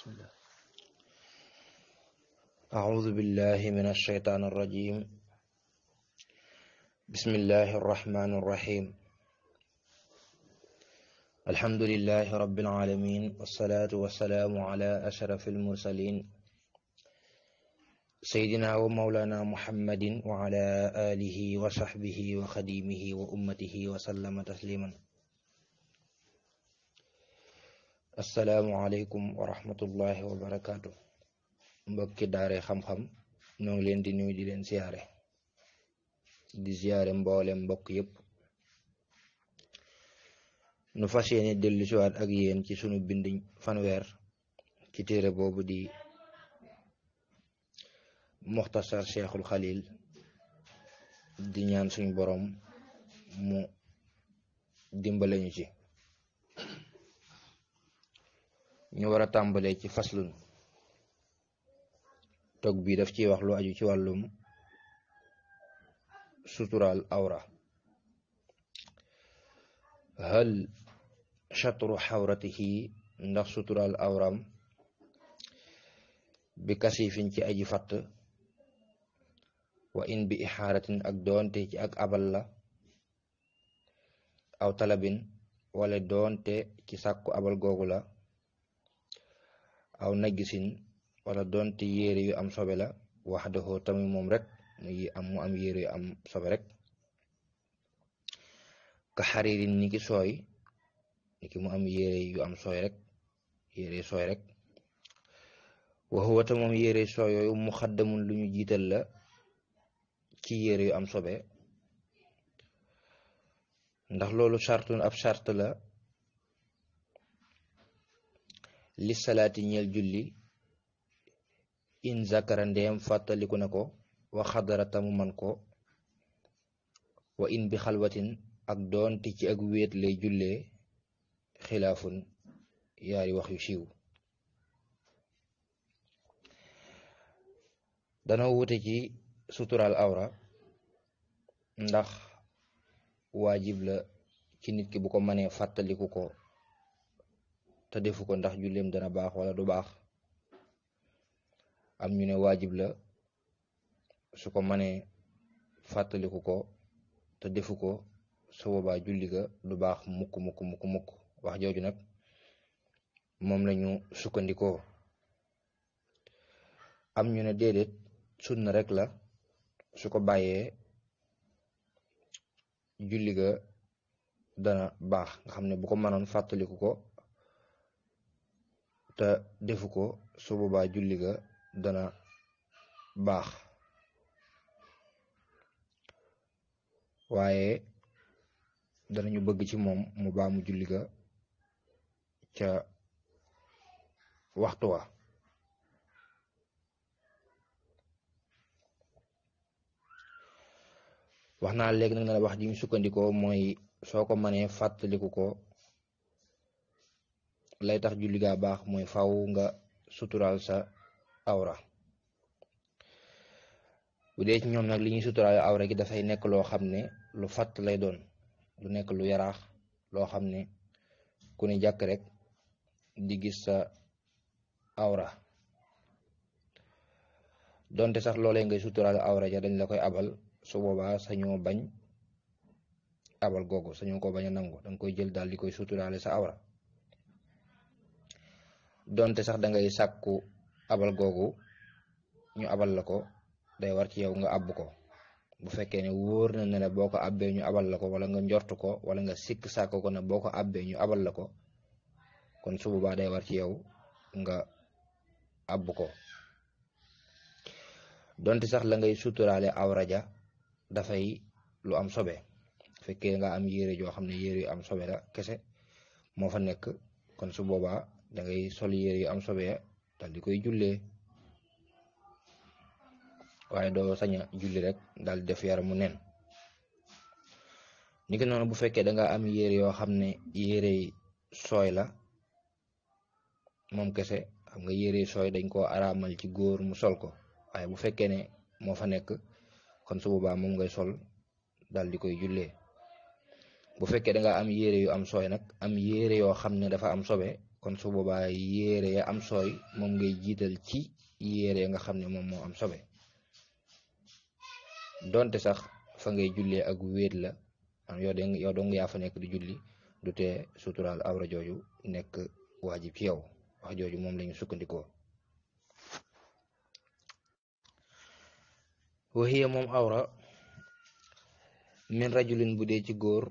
بسم الله أعوذ بالله من الشيطان الرجيم بسم الله الرحمن الرحيم الحمد لله رب العالمين والصلاة والسلام على أشرف المرسلين سيدنا ومولانا محمد وعلى آله وصحبه وخديمه وأمته وسلم تسليما asalaamualeykum wa rahmatullahi wa mbokki daare xam-xam ñoo ngi leen di nuyu di leen siyaare di siyaare mboole mbokk yépp nu fas yéene dellu siwaat ak yéen ci sunu bind fanweer ci téere boobu di muxtasar cheikhul xalil di ñaan suñu boroom mu dimbalañu ci ñu war a tàmbalee ci faslun toog bii daf ciy wax lu aju ci wàllum suturaal awra hal chatru xawratihi ndax suturaal awram bi kasifin ci aji fatt wa in bi ixaaratin ak doonte ci ak abal la aw talabin wala doonte ci sàkku abal googu la aw najjisin wala donte yére yu am sobe la wax daxoo tamit moom rek muy am mu am yére yu am sobe rek ka xaririn ni ki sooy ni mu am yére yu am sooy rek yére sooy rek waxuwa ta moom yére sooy yooyu mu xaddamun lu ñu jiital la ci yére yu am sobe ndax loolu sartun ab sart la li salaati ñeel julli in zakara ndeem fàttaliku na ko wa xadarata mu man ko wa in bi xalwatin ak doonte ci ak wéet lay xilaafun yaari wax yu siiw danoo wute ci sutural awra ndax waajib la ci nit ki bu ko mënee fàttaliku ko te defu ko ndax julleem dana baax wala du baax am ñu ne waajib la su ko manee fàttaliku ko te defu ko su boobaa julli ga du baax mukk mukk mukk mukk wax jooju nag moom la ñu sukkandikoo am ñu ne déedéet sunna rek la su ko bàyyee julli ga dana baax nga xam ne bu ko mënoon fàttaliku ko te defu ko su boobaa julli ga dana baax waaye danañu bëgg ci moom mu baamu julli ga ca waxtu wa wax naa léegi nag na wax ji ñu sukkandikoo mooy soo ko mënee fàttaliku ko lay tax julli baax mooy faw nga sutural sa awra bu dee ñoom nag li ñuy suturaal awra gi dafay nekk loo xam ne lu fatt lay doon lu nekk lu yaraax loo xam ne ku ne jàkk rek di gis sa awra donte sax loolee ngay suturaal awra ja dañ la koy abal su boobaa sañoo bañ abal googu sañoo ko bañ a nangu danga koy jël daal di koy suturaale sa awra donte sax da ngay sàkku abal googu ñu abal la ko day war ci yow nga àbb ko bu fekkee ne wóor na ne la boo ko àbbee ñu abal la ko wala nga njort ko wala nga sikk sàkk ko ne boo ko àbbee ñu abal la ko kon su boobaa day war ci yow nga àbb ko donte sax la ngay suturaale awra ja dafay lu am sobe fekkee nga am yére joo xam ne yére yu am sobe la kese moo fa nekk kon su boobaa dangay sol yére yu am sobe dal di koy jullee waaye doo saña julli rek dal di def yaramu nen ni ki noonu bu fekkee da am yére yoo xam ne yére yi sooy la moom kese xam nga yére sooy dañ koo araamal ci góor mu sol ko waaye bu fekkee ne moo fa nekk kon su mom ngay sol dal di koy jullee bu fekkee da am yére yu am sooy nag am yére yoo xam ne dafa am sobe kon su boobaa yére ya am sooy moom ngay jiital ci yére nga xam ne moom moo am sobe donte sax fa ngay jullee ak wéet la am yow de yow yaa fa nekk di julli du tee suturaal awra jooju nekk waajib ci yow wax jooju moom lañu sukkandikoo waxiya moom awra min rajulin bu ci góor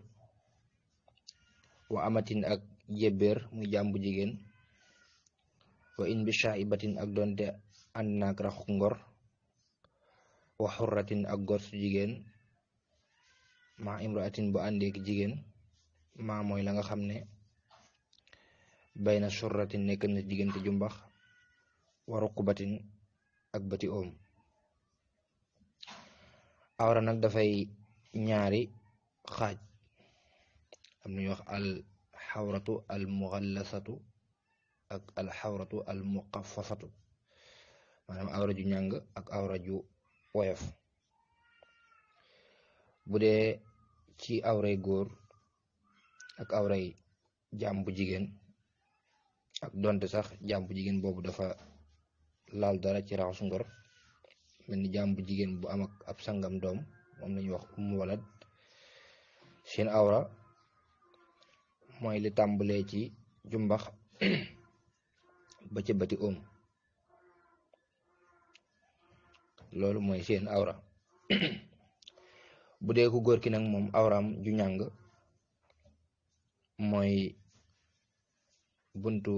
wa amatin ak njébéer muy jaam bu jigéen wa in bi shaibatin ak doonte ànd naak raxu ngor wa xurratin ak gor su jigéen ma imraatin bu àndeek jigéen ma mooy la nga xam ne bayna surratin nekk na diggante jumbax wa ruqbatin ak bati oom awra nag dafay ñaari xaaj am nañu wax al alxawratu almuxallasatu ak alxawratu almuqaffafatu maanaam awra ju ñàng ak awra ju woyof bu dee ci awray góor ak awray jaam bu jigéen ak donte sax jaam jigéen boobu dafa laal dara ci raxasu ngor mel ni jaam bu jigéen bu am ak ab sangam doom moom la ñuy wax ummu walad seen awra mooy li tàmbulee ci jumbax ba ci bati oom loolu mooy seen awra bu ku góor ki nag moom awraam ju ñàng mooy buntu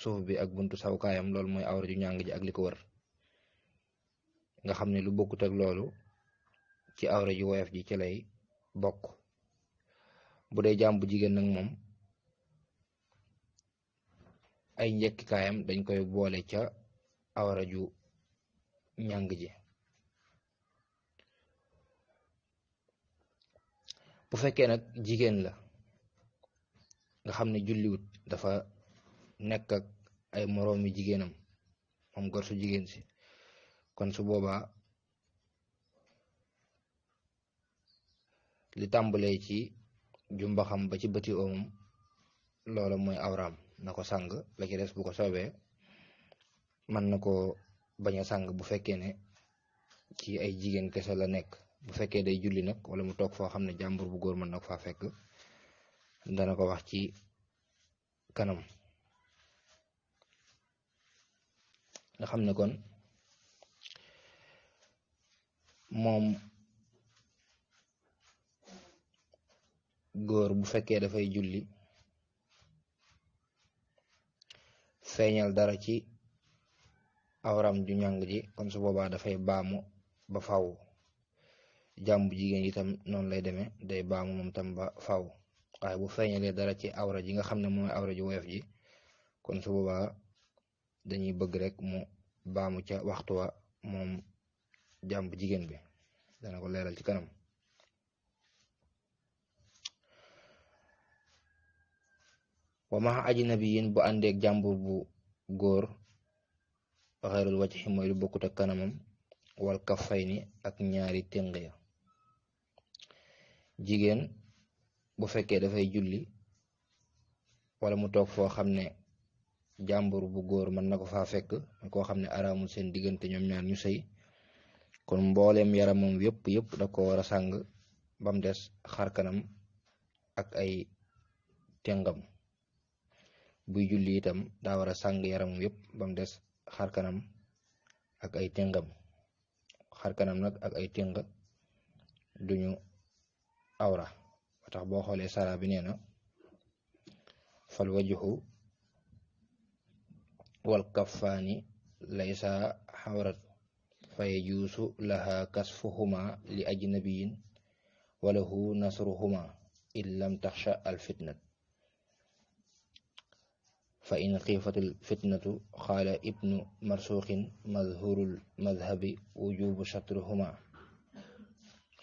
suuf bi ak buntu sawkaayam loolu mooy awra ju ñàng ji ak li ko wër nga xam ne lu bokkut ak loolu ci awra ju woyof ji ci lay bokk bu dee jaam bu jigéen nag moom ay njëkkikaayam dañ koy boole ca awraju ju ji bu fekkee nag jigéen la nga xam ne julliwut dafa nekk ak ay moroomi jigéenam moom gor su jigéen si kon su boobaa li tàmbalee ci jumbaxam ba ci bëti oomam loola mooy awraam na ko sàng la ci des bu ko soobee mën na ko bañ a sàng bu fekkee ne ci ay jigéen kese la nekk bu fekkee day julli nag wala mu toog foo xam ne jàmbur bu góor mën na ko faa fekk dana ko wax ci kanam nga xam ne kon moom góor bu fekkee dafay julli feeñal dara ci awram ju ñàng ji kon su boobaa dafay baamu ba faw jàmbu jigéen itam noonu lay demee day baamu moom tam ba faw waaye bu feeñalee dara ci awra ji nga xam ne mooy awra ju woyof ji kon su boobaa dañuy bëgg rek mu baamu ca waxtu wa moom jàmbu jigéen bi dana ko leeral ci kanam wa ma ajnabiyin bu àndeek jàmbur bu góor xeerul wajhi mooy lu bokkut ak kanamam wal kaffayni ak ñaari ténq ya jigéen bu fekkee dafay julli wala mu toog foo xam ne jàmbur bu góor mën na ko faa fekk koo xam ne araamul seen diggante ñoom ñaar ñu sëy kon mbooleem yaramam yëpp yëpp da ko war a sàng bam des kanam ak ay téngam buy julli itam daa war a sàng yaramam yëpp ba mu des xar ak ay tëngam xar kanam nag ak ay tëng duñu awra tax boo xoolee sara bi nee na fal wajhu wal kaffaani laysa xawrat fa yajuusu laha kasfuhuma li ajnabiyin walahu nasruhuma in lam taxsha al fitnat fa in xiifatul fitnatu xaala ibnu marsuuxin madhurul madhabi wujubu shatrihima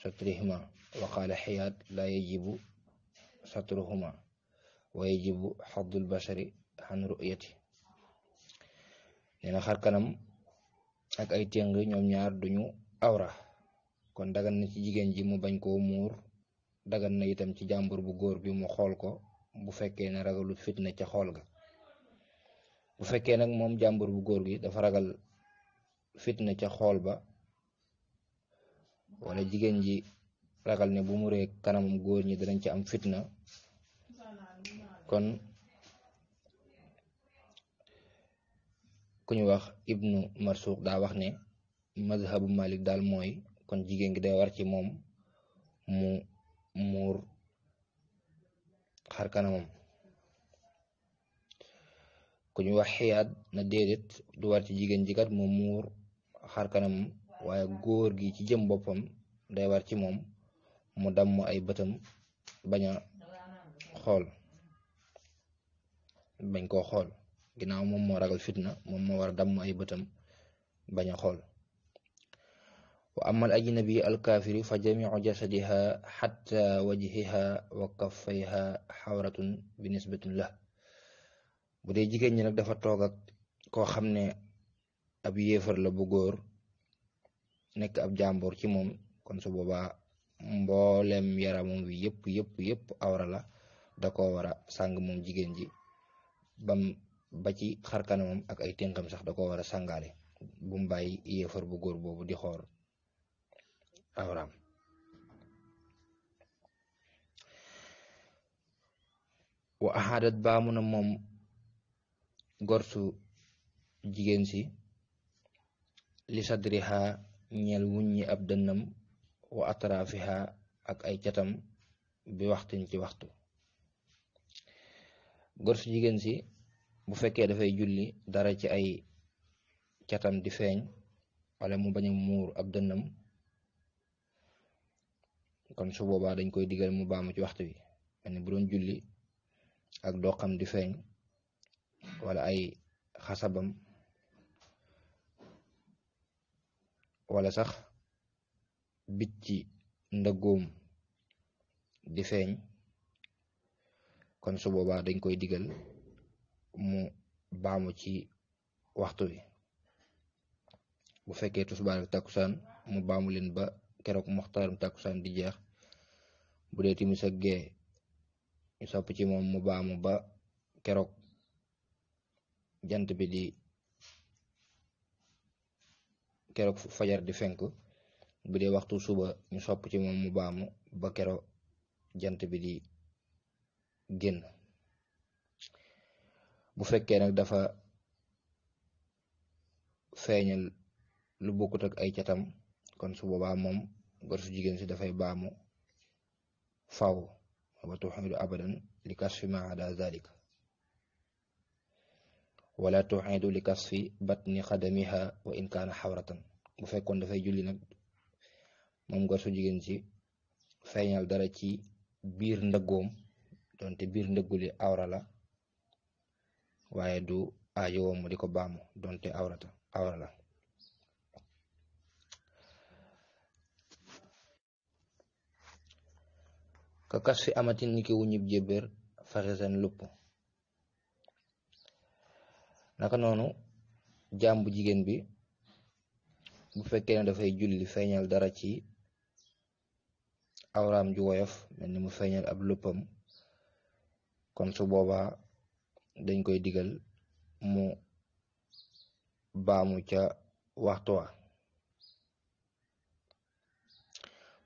shatrihima wa qaala xiyaad laa yajibu satruhuma wa yajibu xaddul bashari xan ruyati nee na ak ay téng ñoom ñaar duñu awra kon dagan na ci jigéen ji mu bañ ko muur dagan na itam ci jàmbur bu góor bi mu xool ko bu fekkee ne ragalu fitna ca xool ga bu fekkee nag moom jàmbur bu góor gi dafa ragal fitna ca xool ba wala jigéen ji ragal ne bu mu ree góor ñi danañ ci am fitna kon ku ñu wax ibnu marsuq daa wax ne mazhabu malik daal mooy kon jigéen gi day war ci moom mu muur xar kanamam ku ñu wax xiyaat na déedéet du war ci jigéen ji kat mu muur xar kanam waaye góor gi ci jëm boppam day war ci moom mu damm ay bëtam bañ xool bañ koo xool ginnaaw moom moo ragal fitna moom moo war a damm ay bëtam bañ a xool wa amal ajnabi alkaafiri fa jamiu jasadiha xatta wajhiha wa kaffayha xawratun bi nisbatin lah bu dee jigéen ñi nag dafa toog ak koo xam ne ab yéefar la bu góor nekk ab jàmbur ci moom kon su boobaa mboolem yaramam wi yëpp yëpp yëpp awra la da koo war a sàng moom jigéen ji bam ba ci xarkanamam ak ay sax da koo war a sàngaale bu mu bàyyi yéefar bu góor boobu di xool awraam wa axaadat baamu na moom gorsu jigéen si li sadriha ñeel wuññi ab dënnam wa atrafiha ak ay catam bi waxtin ci waxtu gorsu jigéen si bu fekkee dafay julli dara ci ay catam di feeñ wala mu bañ mur muur ab dënnam kon su boobaa dañ koy digal mu baamu ci waxtu wi mel bu doon julli ak doxam di feeñ wala ay xasabam wala sax bit ci ndëggoom di feeñ kon su boobaa dañ koy digal mu baamu ci waxtu wi bu fekkee tusbaar ak takkusaan mu baamu leen ba keroog moxtaarum takkusaan di jeex bu dee timis ak ñu sopp ci moom mu baamu ba keroog jant bi di keroog fajar di fenk bu dee waxtu suba ñu sopp ci moom mu baamu ba keroog jant bi di génn bu fekkee nag dafa feeñal lu bokkut ak ay catam kon su boobaa moom gor su jigéen si dafay baamu faw wa tuxidu abadan li kasfi ma ada zalika wala tuidu li kasfi batni xadamiha wa in kaana xawratan bu fekkoon dafay julli nag moom gor jigéen si feeñal dara ci biir ndëggoom donte biir ndëgguli awra waaye du aajowoo di ko baamu donte awrata ka kas amatin ni ki wuñub jébbéer faxe seen lupp naka noonu jaam bu jigéen bi bu fekkee ne dafay julli feeñal dara ci awraam ju woyof mel ni mu feeñal ab luppam kon su boobaa dañ koy digal mu baamu ca waxtu wa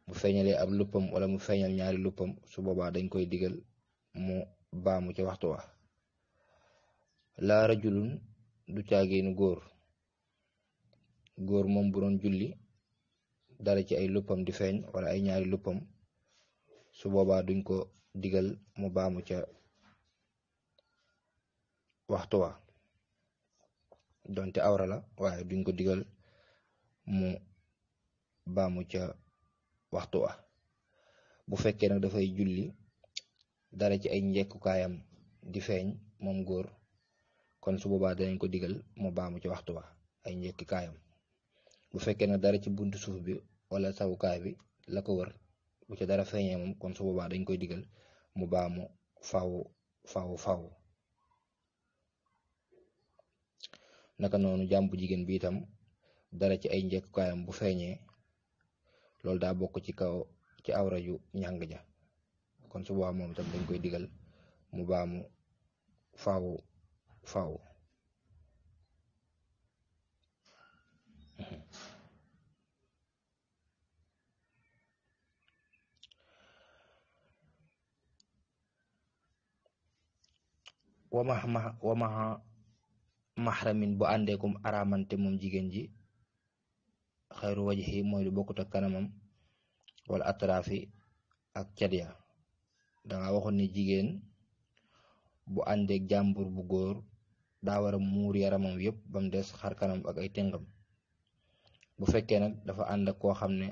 bu feeñalee ab luppam wala mu feeñal ñaari luppam su boobaa dañ koy digal mu baamu ca waxtu wa laa rajulun du caageenu góor góor moom bu julli dara ci ay luppam di feeñ wala ay ñaari luppam su boobaa duñ ko digal mu baamu ca waxtu wa donte awra la waaye duñ ko digal mu baamu ca waxtu wa bu fekkee nag dafay julli dara ci ay njekkukaayam di feeñ moom góor kon su boobaa danañ ko digal mu mu ci waxtu wa ay njëkki kaayam bu fekkee ne dara ci buntu suuf bi wala sawukaay bi la ko wër bu ci dara feeñee moom kon su boobaa dañ koy digal mu baamu faw faw faw naka noonu jàmbu jigéen bi itam dara ci ay njëkkukaayam bu feeñee loolu daa bokk ci kaw ci awra yu ñàng ja kon su boobaa moom itam koy digal mu baamu faaw faw wa max max wa max maxramin bu àndeekum aramante moom jigéen ji xayru wajhi mooy lu bokkut kanamam wala atraafi ak cadya danga waxoon ne jigéen bu àndeek jàmbur bu góor daa war a muur yaramam yëpp ba mu des xar kanam ak ay tëngam bu fekkee nag dafa ànd ak koo xam ne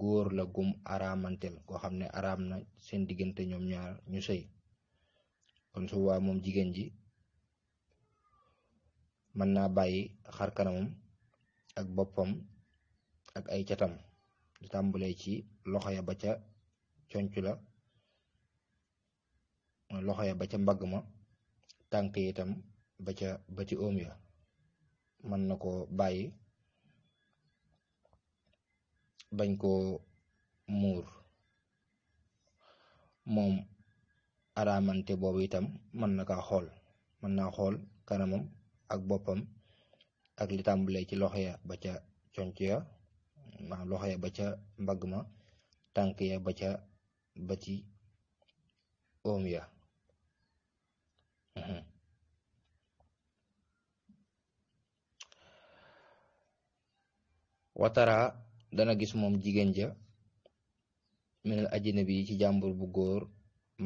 góor la gum araamanteel koo xam ne araam na seen diggante ñoom ñaar ñu sëy kon su moom jigéen ji mën naa bàyyi xar kanamam ak boppam ak ay catam di tàmbalee ci loxo ya ba ca conc la loxo ya ca mbagg ma ba ca ba ci oom ya mën na koo bàyyi bañ koo muur moom araamante boobu itam mën na kaa xool mën naa xool kanamam ak boppam ak li tàmbalee ci loxo ba ca conc ya maanaam loxo ya ba ca mbagg ma tànk ba ca ba ci oom ya watara dana gis moom jigéen ja minal ajina bi ci jàmbur bu góor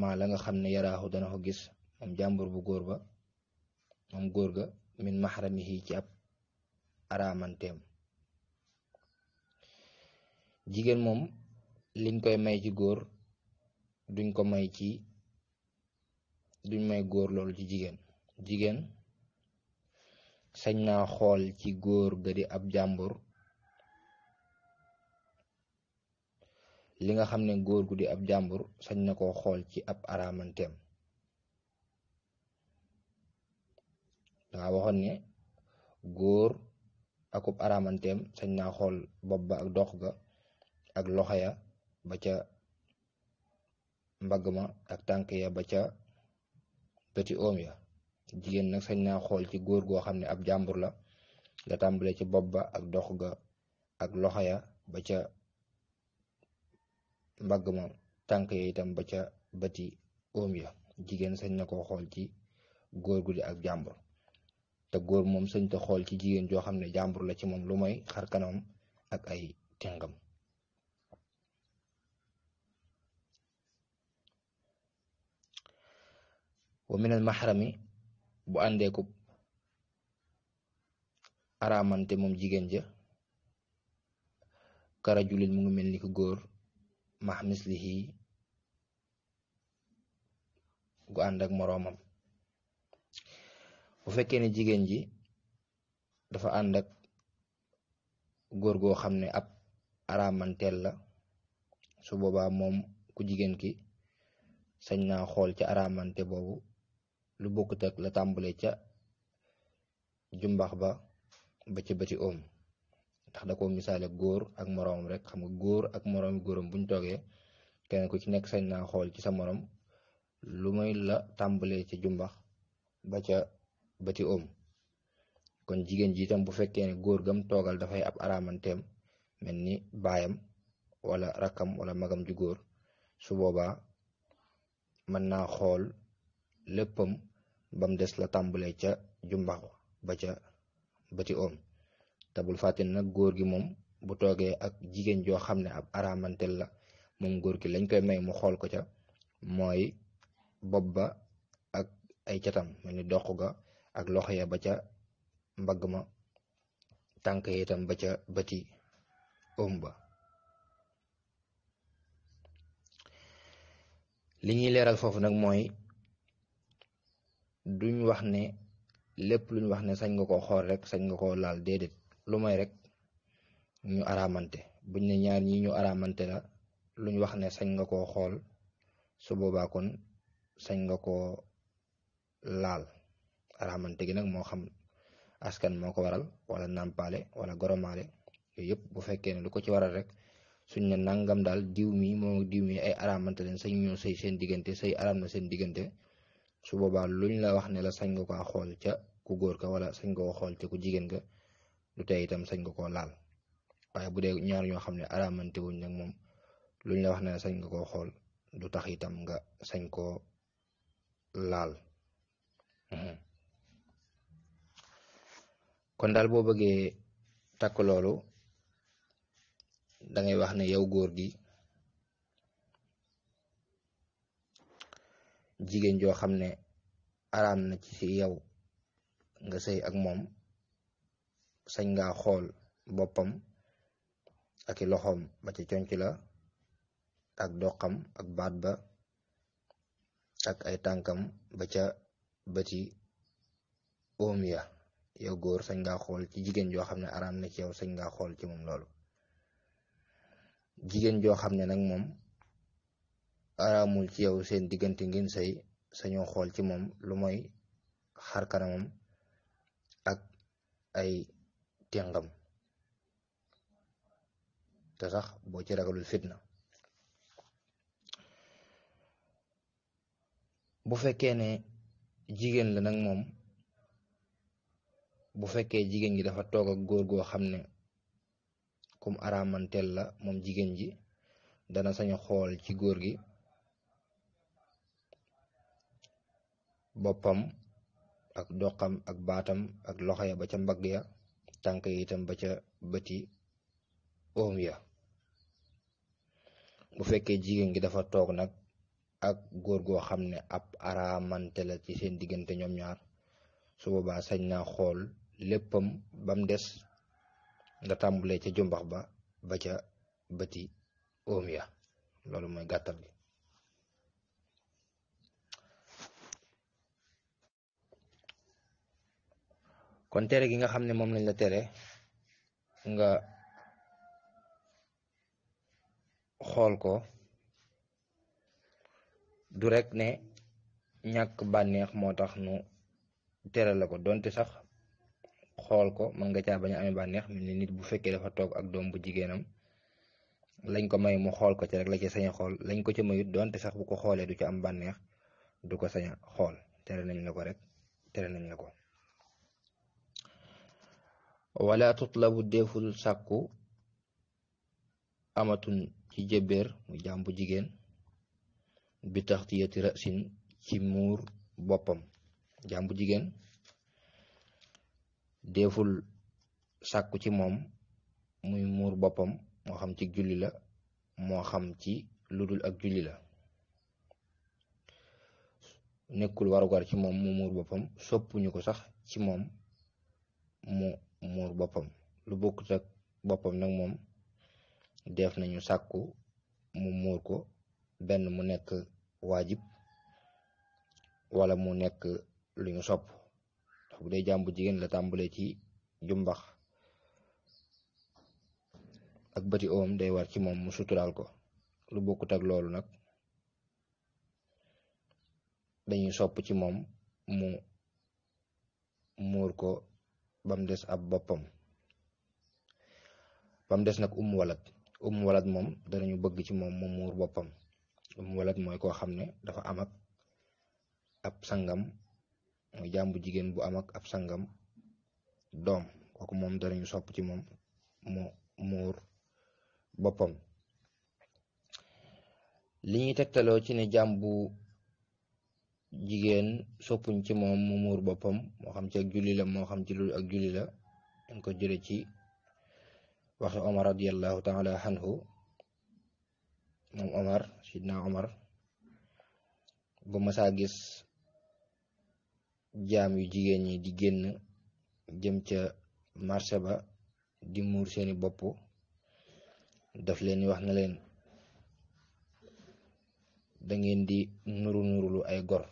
maa la nga xam ne yaraaxu dana ko gis moom jàmbur bu góor ba moom góor ga min maxramihi ci ab araamanteem jigéen moom liñ koy may ci góor duñ ko may ci duñ may góor loolu ci jigéen jigéen sañ na xool ci góor ga di ab jàmbur li nga xam ne góor gu di ab jàmbur sañ na koo xool ci ab araamanteem danga waxoon ne góor akub araamanteem sañ naa xool bopp ba ak dox ga ak loxo ya ba ca mbagg ma ak tànk ya ba ca bëti oom ya jigéen nag sañ naa xool ci góor goo xam ne ab jàmbur la da tàmbale ci bopp ba ak dox ga ak loxo ya ba ca mbagg ma tànk ya itam ba ca bati oom ya jigéen sañ na ko xool ci góor gu ak jàmbur te góor moom sañ te xool ci jigéen joo xam ne jàmbur la ci moom lu mooy xar kanamam ak ay tingam wa minal maxrami bu àndee ko araamante moom jigéen ja karajulin mu ngi mel ni ko góor max mislihi gu ànd ak moroomam bu fekkee ne jigéen ji dafa ànd ak góor goo xam ne ab araamanteel la su boobaa moom ku jigéen ki sañ naa xool ca aramante boobu lu bokkut ak la tàmbale ca jumbax ba ba ci bëti ndax da koo misaale góor ak moroomam rek xam nga góor ak moroom góoram buñ toogee kenn ku ci nekk sañ naa xool ci sa morom lu may la tàmbalee ci jumbax ba ca bati oom kon jigéen ji itam bu fekkee ne góor gam toogal dafay ab araamanteem mel ni baayam wala rakkam wala magam ju góor su boobaa mën naa xool léppam bam des la tàmbalee ca jumbax ba ca bati oom te bul fàtte nag góor gi moom bu toogee ak jigéen joo xam ne ab araamantel la moom góor gi lañ koy may mu xool ko ca mooy bopp ba ak ay catam mel ni doq ga ak loxo ya ba ca mbagg ma tànk ya itam ba ca bëti om ba li ñuy leeral foofu nag mooy duñ wax ne lépp lu ñu wax ne sañ nga koo xool rek sañ nga koo laal déedéet lu may rek ñu araamante buñ ne ñaar ñi ñu araamante la luñ wax ne sañ nga koo xool su boobaa kon sañ nga ko laal araamante gi nag moo xam askan moo ko waral wala nàmpaale wala goromaale yooyu yëpp bu fekkee ne lu ko ci waral rek suñ ne nangam daal diw mi moom diw mi ay araamante leen sañ ñoo say seen diggante sëy araam na seen diggante su boobaa luñ la wax ne la sañ nga ko xool ca ku góor ka wala sañ nga ko xool ca ku jigéen ka lu tey itam sañ ko koo laal waaye bu dee ñaar ñoo xam ne araamante wuñ nag moom luñ la wax ne koo xool du tax itam nga sañ ko laal hmm. kon daal boo bëggee takk loolu dangay wax ne yow góor gi jigéen joo xam ne araam na ci yow nga sëy ak moom sañ ngaa xool boppam aki loxoom ba ci la ak doxam ak baat ba ak ay tànkam ba ca bëti oom ya yow góor sañ ngaa xool ci jigéen joo xam ne araam na ci yow sañ ngaa xool ci moom loolu jigéen joo xam ne nag moom araamul ci yow seen diggante ngin say sañoo xool ci moom lu mooy xar kanamam ak ay téngam te sax boo ci ragalul fitna bu fekkee ne jigéen la nag moom bu fekkee jigéen ji dafa toog ak góor goo xam ne kum aramanteel la moom jigéen ji dana sañu xool ci góor gi boppam ak doxam ak baatam ak loxoya ba ca mbagg ya tànk yi itam ba ca bëti oom ya bu fekkee jigéen gi dafa toog nag ak góor goo xam ne ab araamante la ci seen diggante ñoom ñaar su boobaa naa xool léppam bam des nga tàmbulee ca jumbax ba ba ca bëti oom ya loolu mooy gàttal kon tere gi nga xam ne moom lañ la tere nga xool ko du rek ne ñàkk bànneex moo tax nu tere la ko donte sax xool ko mën nga caa bañ a amee bànneex mel ni nit bu fekkee dafa toog ak doom bu jigéenam lañ ko may mu xool ko ci rek la ci sañ xool lañ ko ci mayut donte sax bu ko xoolee du ci am bànneex du ko sañ xool tere nañ la ko rek tere nañ la ko wala tutlabu deful sàkku amatun ci jëbbeer mu jàmb jigéen bitax taxtiyati rasin ci muur boppam jàmbu jigéen deful sàkku ci moom muy muur boppam moo xam ci julli la moo xam ci ludul ak julli la nekkul warugar ci moom mu muur boppam soppuñu ko sax ci moom mu muur boppam lu bokkut ak boppam nag moom def nañu sàkku mu muur ko benn mu nekk waajib wala mu nekk lu ñu sopp ndax bu dee jàmbu jigéen la tàmbalee ci jumbax ak bëti oom day war ci moom mu suturaal ko lu bokkut ak loolu nag dañuy sopp ci moom mu muur ko ba mu des ab boppam bam des nag umu walat umu walat moom danañu bëgg ci moom mu muur boppam umu walat mooy koo xam ne dafa am ab sangam muy jàmbu jigéen bu am ak ab sangam doom kooku moom danañu sopp ci moom mu muur boppam li ñuy ci ne jàmbu jigéen soppuñ ci moom mu muur boppam moo xam ci ak julli la moo xam ci lu ak julli la dañ ko jële ci waxi omar radiallahu taala anhu moom omar sidna omar bu masaa gis jaam yu jigéen ñi di génn jëm ca marché ba di muur seeni bopp daf leen wax na leen da ngeen di nuru nuru lu ay gor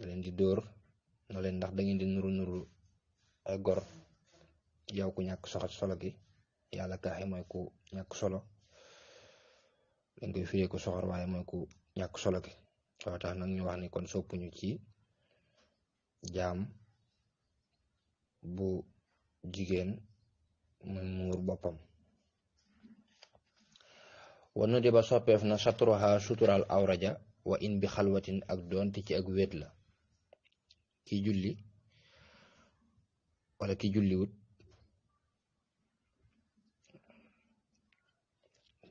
leen di dóor na leen ndax da di nuru nuru ay gor yow ku ñàkk soxat solo gi yàlla kaaxe mooy ku ñàkk solo dañ koy firee ko soxor waaye mooy ku ñàkk solo gi waaw tax nag ñu wax ni kon soppuñu ci jaam bu jigéen muy muur boppam wanu di ba soppeef na satruha sutural awraja wa in bi xalwatin ak doonte ci ak wéet la ki julli wala ki julliwut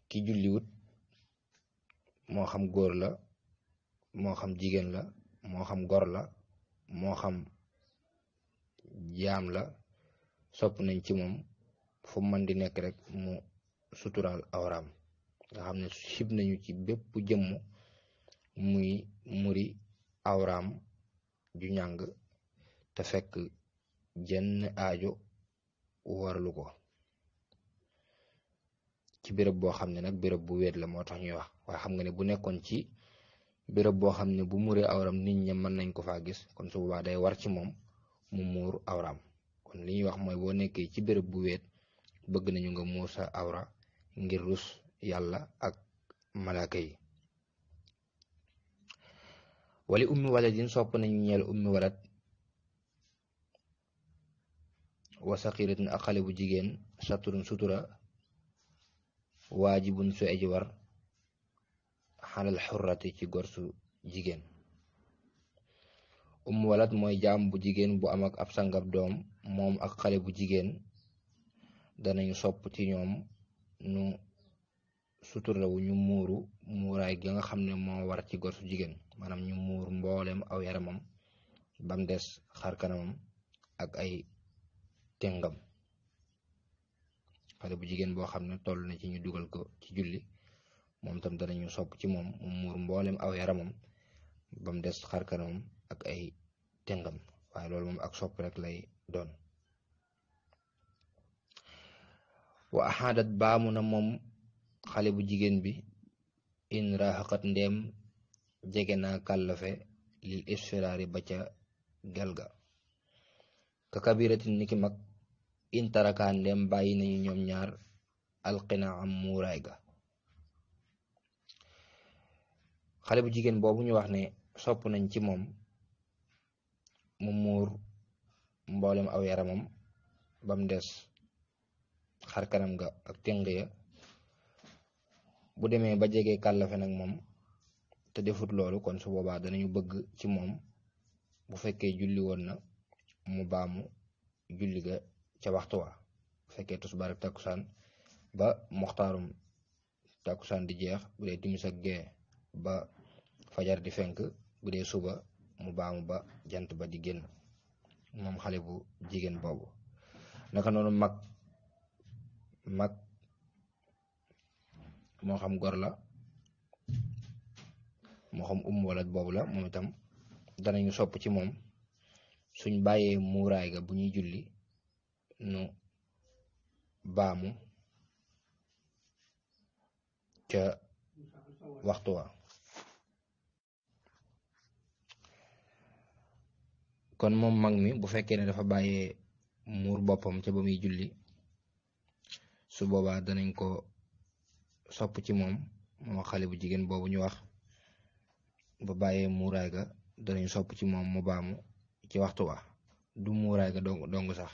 ki julliwut moo xam góor la moo xam jigéen la moo xam gor la moo xam jaam la sopp nañ ci moom fu man di nekk rek mu suturaal awraam nga xam ne sib nañu ci bépp jëmm muy muri awraam ju ñàng te fekk jenn ajo waralu ko ci béréb boo xam ne nag béréb bu wéet la moo tax ñuy wax waaye xam nga ne bu nekkoon ci béréb boo xam ne bu muuree awram nit ña mën nañ ko faa gis kon su boobaa day war ci moom mu muur awraam kon li ñuy wax mooy boo nekkee ci béréb bu wéet bëgg nañu nga muur sa awra ngir rus yàlla ak malaaka yi wali ummi waladin sopp nañu ñeel ummi walad wa saqiratin ak xale bu jigéen saturun sutura waajibun su aji war xalal xurrati ci gor jigéen ummu walad mooy jaam bu jigéen bu am ak ab sangab doom moom ak xale bu jigéen danañu sopp ci ñoom nu sutura wu ñu muuru muuraay gi nga xam ne moom war ci gorsu jigéen maanaam ñu muur mboolem aw yaramam bam des xar kanamam ak ay tëngam xale bu jigéen boo xam ne toll na ci ñu dugal ko ci julli moom tam danañu sopp ci moom mu muur mboolem aw yaramam bam des xar ak ay tëngam waaye loolu moom ak sopp rek lay doon wa axaadat baamu na moom xale bu jigéen bi in raxaqat ndeem jege naa kàllafe lil isfiraari ba ca gelga ka kabiratin niki mag intarakaan dem bàyyi nañu ñoom ñaar alqina am muuraay ga xale bu jigéen boobu ñu wax ne sopp nañ ci moom mu muur mboolem aw yaramam ba mu des xar kanam ga ak ténq bu demee ba jege kàllafe nag moom te defut loolu kon su boobaa danañu bëgg ci moom bu fekkee julli woon na mu baamu julli ga ca waxtu wa bu fekkee ba ak takkusaan ba moxtaarum takkusaan di jeex bu dee timis gee ba fajar di fenk bu dee suba mu baamu ba jant ba di génn moom xale bu jigéen boobu naka noonu mag mag moo xam gor la moo xam umm wala moom itam danañu sopp ci moom suñ bàyyee muuraay ga bu ñuy julli nu baamu ca waxtu wa kon moom mag mi bu fekkee ne dafa bàyyee muur boppam ca ba muy julli su boobaa danañ ko sopp ci moom moo xale bu jigéen boobu ñu wax ba bàyyee muuraay ga danañ sopp ci moom mu baamu ci waxtu wa du muuraay ga dong sax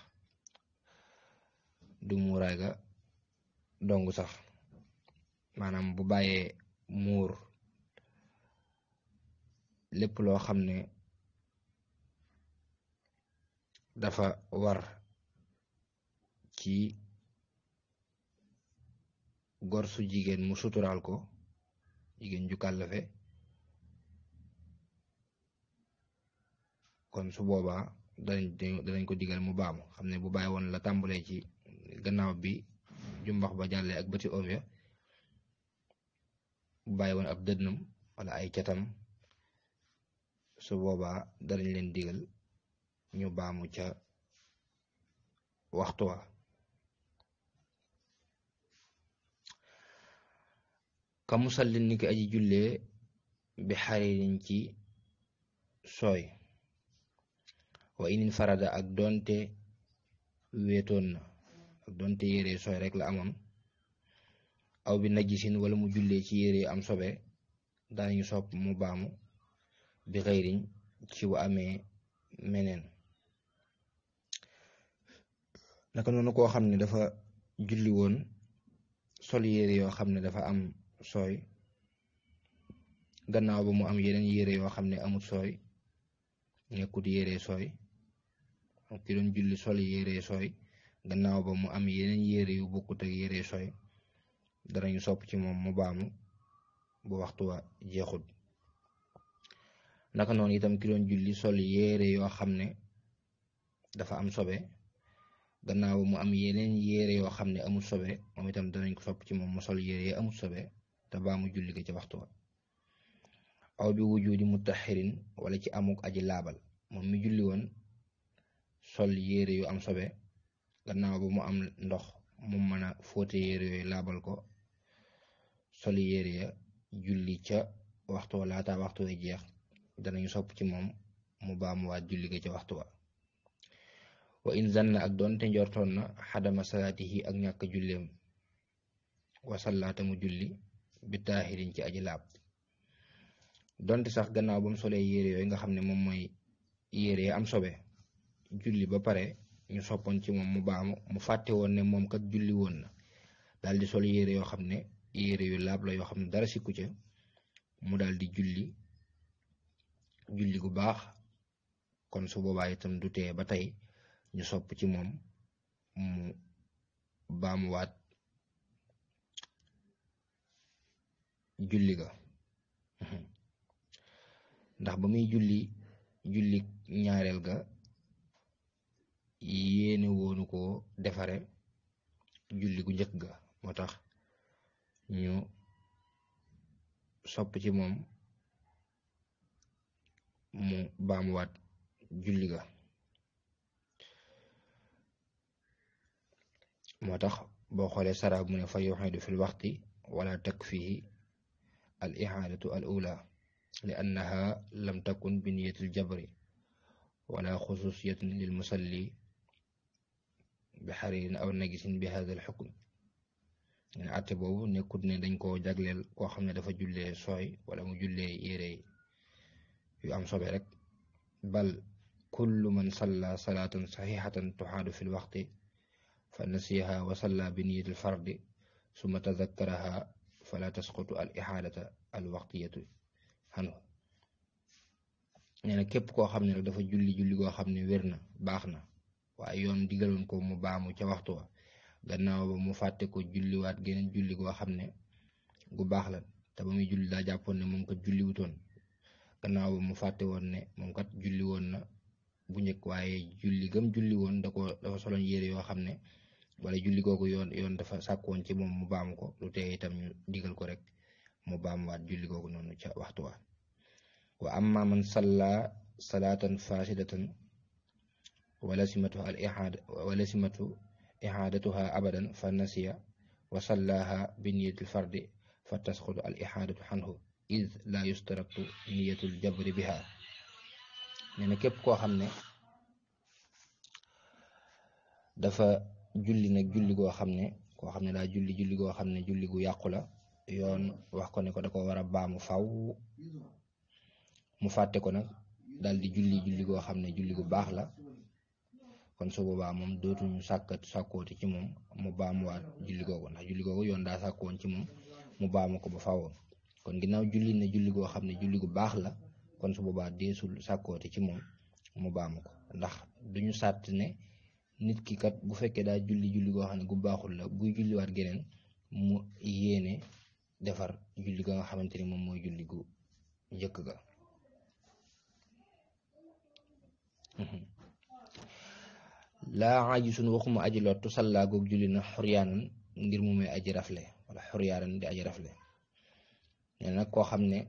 du muuraay ga dong sax maanaam bu bàyyee muur lépp loo xam ne dafa war ci gor su jigéen mu suturaal ko jigéen ju kàllafe kon su boobaa danañ ko digal mu baamu xam ne bu bàyyi woon la tàmbalee ci gannaaw bi jumbax ba jàllee ak bëti oom ya bu bàyyi woon ab dënnam wala ay catam su boobaa danañ leen digal ñu baamu ca waxtuwa wa ka musallin ni ki aji jullee bi xaririn ci sooy wa inin farada ak donte wéetoon na ak donte yére sobe rek la amoon aw bi najisin wala mu jullee ci yére am sobe daa danañu sopp mu baamu bi xëyriñ ci bu amee meneen naka noonu koo xam ne dafa julli woon sol yére yoo xam ne dafa am sooy gannaaw ba mu am yeneen yére yoo xam ne amut sooy nekkut yére sooy ak ki doon julli sol yére sooy gannaaw ba mu am yeneen yére yu bokkut ak yére sooy danañu sopp ci moom mu baamu bu waxtu wa jeexut naka noonu itam ki doon julli sol yére yoo xam ne dafa am sobe gannaaw mu am yeneen yére yoo xam ne amul sobe moom itam danañ ko sop ci moom mu sol yére yi amul sobe te baamu julli ga ci waxtu wa aw bi wujudi mutaxirin wala ci amuk aji laabal moom mi julli woon sol yére yu am sobe gannaaw ba mu am ndox mu mën a fóote yére yooyu laabal ko sol yére ya julli ca waxtu wa laata waxtu wa jeex danañu sopp ci moom mu baamuwaat julli ga ca waxtu wa wa in zanna ak doonte njortoon na xadama salaatihi ak ñàkk julleem wasallaata mu julli bi taaxirin ci aji laab donte sax gannaaw ba mu solee yére nga xam ne moom mooy yére am sobe julli ba pare ñu soppoon ci moom mu baamu mu fàtte woon ne moom kat julli woon na daldi sol yére yoo xam ne yére yu laab la yoo xam ne dara sikku ca mu daldi julli julli gu baax kon su boobaa itam du tee ba tey ñu sopp ci moom mu baamuwaat julli ga ndax ba muy julli julli ñaareel ga yéene woonu ko defare julli gu njëkk ga moo tax ñu sopp ci moom mu baamuwaat julli ga moo tax boo xoolee saraab mu ne fa yuxidu fi wala takfihi al ihaadatu al ula li annaha lam takun bi niyatil jabri wala xususiyatin lil musalli bi xaririn aw nagisin bi hadal xukm ñun àtte boobu nekkut ne dañ koo jagleel koo xam ne dafa jullee sooy wala mu jullee yére yu am sobe rek bal kullu man salla salaatan saxiixatan tuxaadu fi lwaqti fa nasiha wa salla bi niyati lfardi summa tazakkaraha fala tasqutu al ixaadata al waqtiyatu anhu képp koo xam ne dafa julli julli goo xam ne wér na baax na waa yoon digaloon ko mu baamu ca waxtu wa gannaaw ba mu fàtte ko julliwaat geneen julli goo xam ne gu baax la te ba muy julli daa jàppoon ne moom kat julli wutoon gannaaw ba mu fàtte woon ne moom kat julli woon na bu njëkk waaye julli gëm julli woon ko dafa soloon yére yoo xam ne wala julli googu yoon yoon dafa sàkkoon ci moom mu baamu ko lu tee itam ñu digal ko rek mu baamuwaat julli googu noonu ca waxtu wa wa amma man salla salaatan fasidatan ولزمتها الإعادة ولزمته إعادتها أبدا فنسي وصلاها بنية الفرد فتسقط الإحادة عنه إذ لا يشترط نية الجبر بها nee na képp koo xam ne dafa julli na julli goo xam ne koo xam ne daa julli julli xam ne julli gu yàqu la yoon wax ko ne ko da war a baamu faw mu fàtte ko nag daal di julli julli goo xam ne julli gu baax la kon su boobaa moom dootuñu sàkkat sàkkooti ci moom mu baamuwaat julli googu ndax julli googu yoon daa sàkkoon ci moom mu baamu ko ba fawoon kon ginnaaw julli na julli goo xam ne julli gu baax la kon su boobaa deesul sàkkooti ci moom mu baamu ko ndax duñu sàtt ne nit ki kat bu fekkee daal julli julli goo xam ne gu baaxul la buy julliwaat geneen mu yéene defar julli ga nga xamante ni moom mooy julli gu njëkk ga laa ajisun waxuma aji lottu sallaa goog julli na xuryaanan ngir mu may aji rafle wala xuryaanan di aji rafle nee nag koo xam ne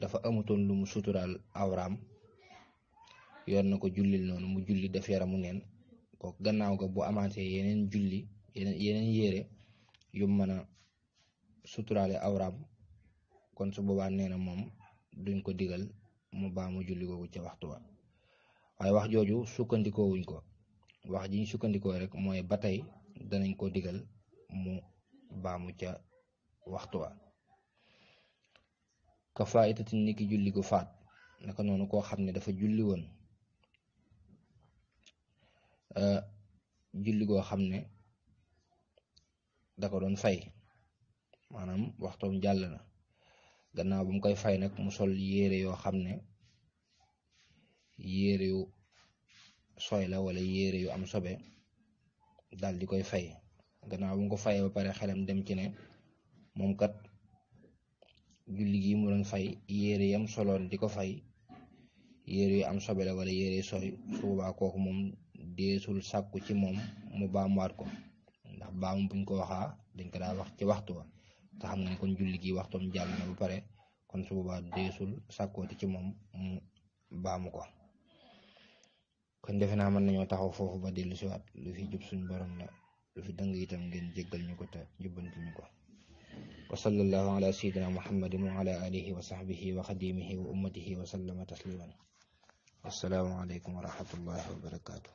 dafa amutoon lumu sutural awram awraam yoon ko jullil noonu mu julli def yaramu neen kooku gannaaw ga bu amaatee yeneen juli yeneen yeneen yére yu mën a suturaale awraam kon su boobaa na moom duñ ko digal mu baa mu julli googu ca waxtu wa waaye wax jooju sukkandikoo ko wax ji sukkandikoo rek mooy ba tey danañ ko digal mu baamu ca waxtu wa ka faayitatin ni ki julli gu faat naka noonu ko xam ne dafa julli woon euh, julli goo xam ne da doon fay maanaam waxtoom jàll na gannaaw bu mu koy fay nag mu sol yére yoo xam ne yére sooy la wala yére yu am sobe daal di koy fay gannaaw bu nga ko fayee ba pare xelam dem ci ne moom kat julli gi mu doon fay yére yam soloon di ko fay yére yu am sobe la wala yére sooy su boobaa kooku moom deesul sàkku ci moom mu baamuwaat ko ndax baamu buñ ko waxa dañ ko daa wax ci waxtu wa te xam nañ kon julli gi waxto jàll na ba pare kon su boobaa deesul sàkkooti ci moom mu baamu ko kon defe naa mën nañoo taxaw foofu ba dellu si waat lu fi jub suñu borom la lu fi dëng itam ngeen jéggal ñu ko te jubbanti ñu ko wa sallallahu ala sayyidina muhammadin wa ala alihi wa sahbihi wa xadimihi wa ummatihi wa sallama tasliman assalaamu aleykum wa rahmatullahi wa barakatuh